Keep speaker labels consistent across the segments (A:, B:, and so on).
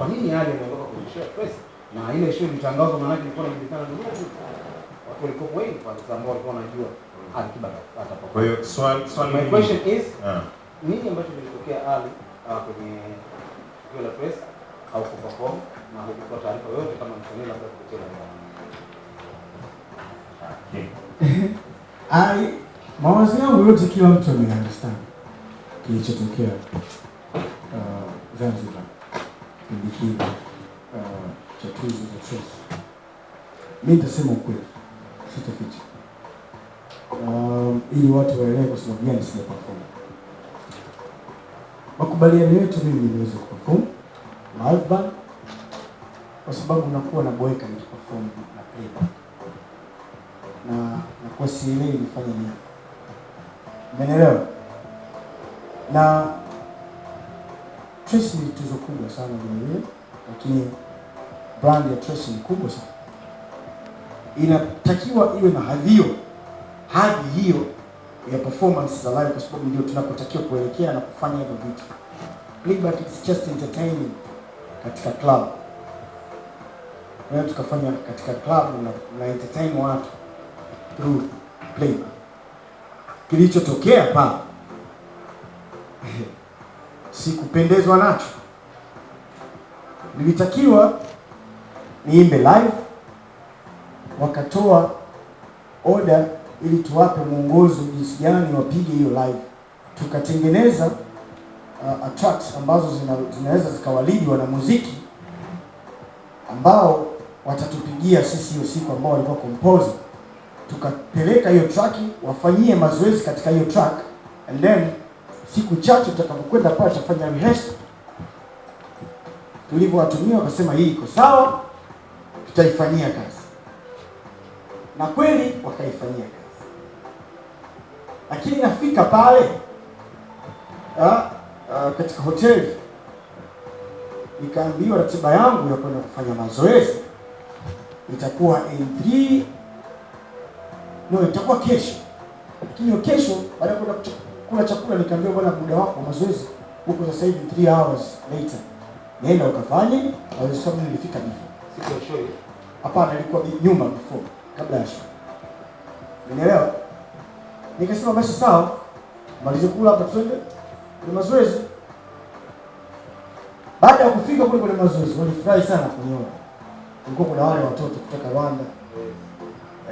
A: Kwa nini yale hali kwenye share price Na ile issue ilitangazwa, maana yake ilikuwa inajulikana dunia nzima. Watu walikuwa wengi kwa sababu ambao walikuwa wanajua akiba atapokuwa. Kwa hiyo swali swali
B: my question is ah. nini ambacho kilitokea Ali ah, kwenye tukio la press au kwa kuperform na hukutoa taarifa yoyote kama msanii labda kupitia Ali ah, mawazo yangu yote, kila mtu ame understand kilichotokea Zanzibar in between uh, chapuzi za Tresi. Mimi nitasema ukweli, sitaficha um, ili watu waelewe kwa sababu gani sina perform. Makubaliano yetu, mimi niweze kuperform live kwa sababu nakuwa naboeka nikiperform na playback na nakuwa sielewi nifanye nini, umeelewa na Tracy ni tuzo kubwa sana duniani, lakini brand ya Tracy ni kubwa sana, inatakiwa iwe na hadhi hiyo, hadhi hiyo ya performance za live, kwa sababu ndio tunapotakiwa kuelekea na kufanya hivyo vitu. Liberty is just entertaining katika club, tunaweza tukafanya katika club na, na entertain watu through play. Kilichotokea pa sikupendezwa nacho. Nilitakiwa niimbe live, wakatoa oda ili tuwape mwongozo jinsi gani wapige hiyo live. Tukatengeneza uh, attracts ambazo zina, zinaweza zikawalidi muziki ambao watatupigia sisi hiyo siku, ambao walikuwa composer. Tukapeleka hiyo track wafanyie mazoezi katika hiyo track and then siku chache tutakapokwenda pale tafanya rehearsal. Tulivyowatumia wakasema hii iko sawa, tutaifanyia kazi, na kweli wakaifanyia kazi. Lakini nafika pale ha, ah, ah, ha, katika hoteli nikaambiwa ratiba yangu ya kwenda kufanya mazoezi itakuwa N3 no, itakuwa kesho, lakini kesho baada ya kwenda kula chakula, nikaambia bwana, muda wako wa mazoezi huko sasa hivi 3 hours later, nenda ukafanye. Au sasa mimi nilifika before, siko show hapana, ilikuwa nyuma before, kabla ya show, unielewa? Nikasema basi sawa, malize kula hapa, twende kwa mazoezi. Baada ya kufika kule kwenye mazoezi, walifurahi sana kuniona. Kulikuwa kuna wale watoto kutoka Rwanda,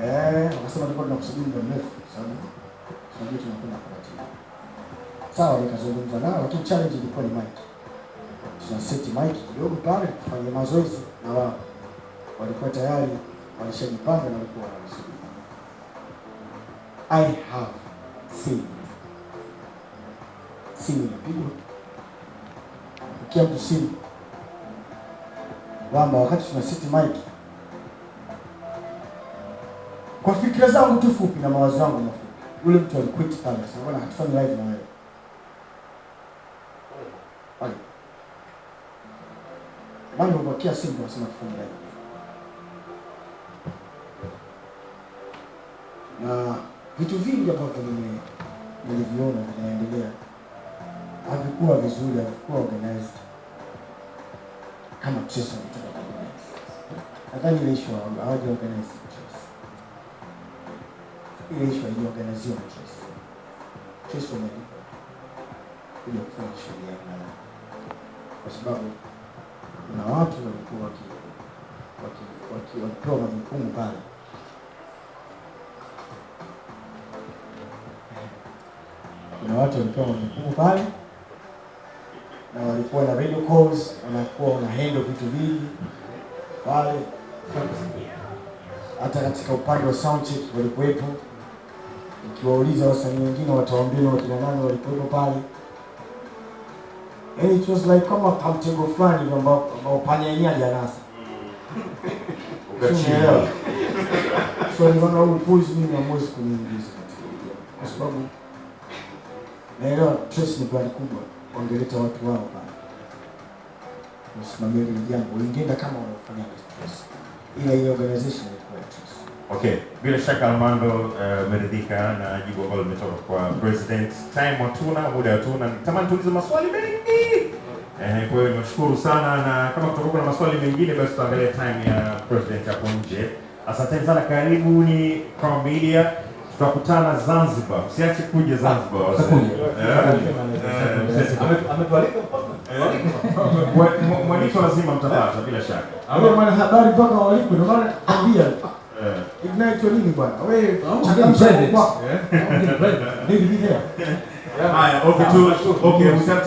B: eh, wakasema tulikuwa tunakusubiri muda mrefu sana tunajua tunakwenda kuratibu. Sawa, nikazungumza nao, lakini challenge ilikuwa ni mic. set mic kidogo pale kufanya mazoezi, na wao walikuwa tayari walishajipanga na walikuwa wanasubiri. I have seen. Simu inapigwa, pokea mtu simu kwamba wakati tuna set mic kwa fikira zangu tu fupi na mawazo yangu mafupi ule mtu aliquit Starbucks. Naona hatufanyi live na wewe. Hadi. Mambo kwa kiasi tufanye live. Na vitu vingi ambavyo nime niliviona vinaendelea havikuwa vizuri, havikuwa organized kama Yesu alitoka. Nadhani ile issue hawaja organize. Ilishwa iliangaziwa na Yesu. Yesu amelipa kuja kufanya shughuli ya mali. Kwa sababu kuna watu walikuwa waki waki waki wakipewa majukumu pale. Kuna watu walipewa majukumu pale na walikuwa na radio calls, wanakuwa wana handle vitu vingi pale. Hata katika upande wa sound check walikuwepo ikiwauliza wasanii wengine watawaambia na wakina nani walikuwepo pale. And it was like kama kamtego fulani ambao panya yenyewe alianasa
C: Ukachielewa.
B: So niliona huu puzi mimi hamwezi kuniingiza kwa sababu naelewa stress ni bali kubwa, wangeleta watu wao pale wasimamia hili jambo, ingeenda kama wanafanya stress, ila hii organization ilikuwa stress
D: Okay, bila shaka Armando eh, ameridhika uh, na jibu ambalo limetoka kwa President. Time hatuna, muda hatuna, tamani tuulize maswali mengi. Eh, kwa hiyo nashukuru sana, na kama kutakuwa na maswali mengine basi tuangalie time ya President hapo nje. Asanteni sana, karibuni kwa Media, tutakutana Zanzibar, msiache kuja Zanzibar. Eh,
C: eh,
D: Mwaliko lazima mtapata bila shaka,
B: habari mpaka waliko, ndio maana ambia Eh. Ignite eh. nini bwana? Wewe changamsha kwako. Nini video? Haya, okay tu. Okay,